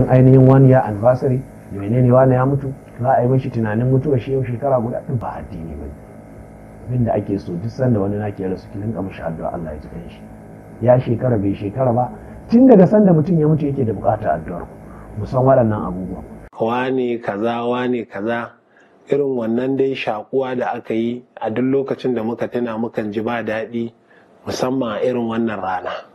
an ainihin wani ya anniversary menene wani ya mutu za a yi mashi tunanin mutuwa shi yau shekara guda din ba addini ba abin da ake so duk sanda wani ke rasu ki rinka mashi addu'a Allah ya ji shi ya shekara bai shekara ba tun daga sanda mutum ya mutu yake da bukatar addu'ar musan waɗannan abubuwa wane kaza wani kaza irin wannan dai shakuwa da aka yi a duk lokacin da muka tuna mukan ji ba daɗi musamman a irin wannan rana